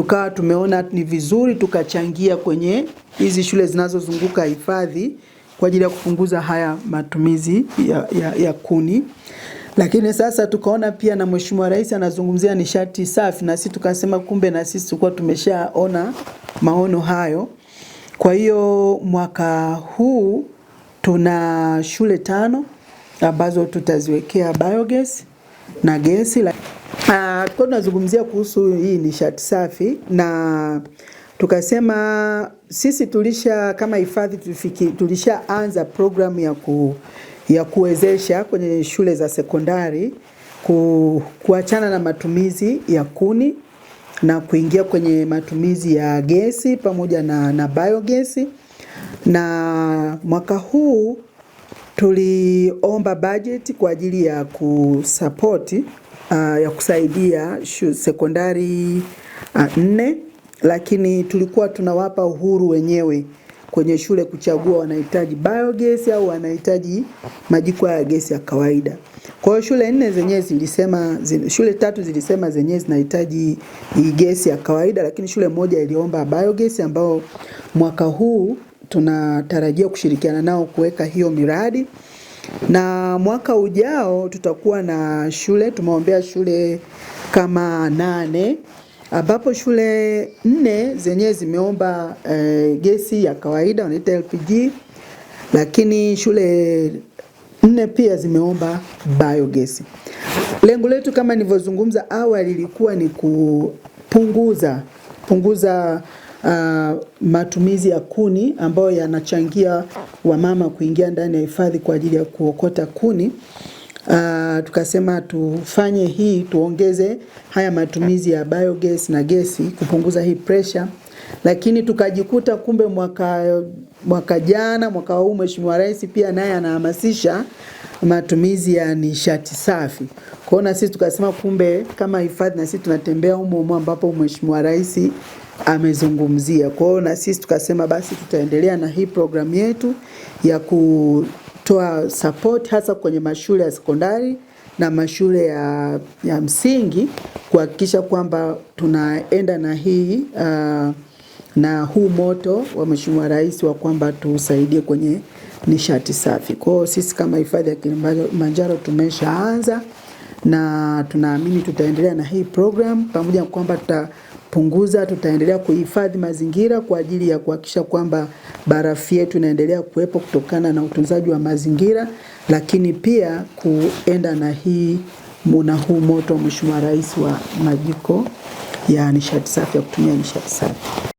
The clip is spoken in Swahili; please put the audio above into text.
tukawa tumeona ni vizuri tukachangia kwenye hizi shule zinazozunguka hifadhi kwa ajili ya kupunguza haya matumizi ya, ya, ya kuni. Lakini sasa tukaona pia na Mheshimiwa Rais anazungumzia nishati safi, na sisi tukasema kumbe na sisi tulikuwa tumeshaona maono hayo. Kwa hiyo mwaka huu tuna shule tano ambazo tutaziwekea biogas na gesi. Ah, tulikuwa tunazungumzia kuhusu hii nishati safi na tukasema sisi tulisha kama hifadhi tulishaanza programu ya, ku, ya kuwezesha kwenye shule za sekondari ku, kuachana na matumizi ya kuni na kuingia kwenye matumizi ya gesi pamoja na, na biogesi na mwaka huu Tuliomba budget kwa ajili ya kusapoti uh, ah, ya kusaidia sekondari uh, nne, lakini tulikuwa tunawapa uhuru wenyewe kwenye shule kuchagua wanahitaji biogesi au wanahitaji majiko ya gesi ya kawaida. Kwa hiyo shule nne zenyewe zilisema zin, shule tatu zilisema zenyewe zinahitaji gesi ya kawaida, lakini shule moja iliomba biogesi ambao mwaka huu tunatarajia kushirikiana nao kuweka hiyo miradi, na mwaka ujao tutakuwa na shule, tumeombea shule kama nane ambapo shule nne zenyewe zimeomba e, gesi ya kawaida wanaita LPG, lakini shule nne pia zimeomba biogesi. Lengo letu kama nilivyozungumza awali lilikuwa ni kupunguza punguza uh, matumizi ya kuni ambayo yanachangia wamama kuingia ndani ya hifadhi kwa ajili ya kuokota kuni. Uh, tukasema tufanye hii, tuongeze haya matumizi ya biogas na gesi kupunguza hii pressure. Lakini tukajikuta kumbe mwaka, mwaka jana mwaka huu Mheshimiwa Rais pia naye anahamasisha matumizi ya nishati safi. Kwa hiyo na sisi tukasema kumbe kama hifadhi na sisi tunatembea humo humo ambapo Mheshimiwa Rais amezungumzia. Kwa hiyo na sisi tukasema basi tutaendelea na hii programu yetu ya kutoa support hasa kwenye mashule ya sekondari na mashule ya, ya msingi kuhakikisha kwamba tunaenda na hii uh, na huu moto wa Mheshimiwa Rais wa kwamba tusaidie kwenye nishati safi. Kwa hiyo sisi kama hifadhi ya Kilimanjaro tumeshaanza na tunaamini tutaendelea na hii program, pamoja na kwamba tutapunguza, tutaendelea kuhifadhi mazingira kwa ajili ya kuhakikisha kwamba barafu yetu inaendelea kuwepo kutokana na utunzaji wa mazingira, lakini pia kuenda na hii muna huu moto wa Mheshimiwa Rais wa majiko ya nishati safi ya kutumia nishati safi.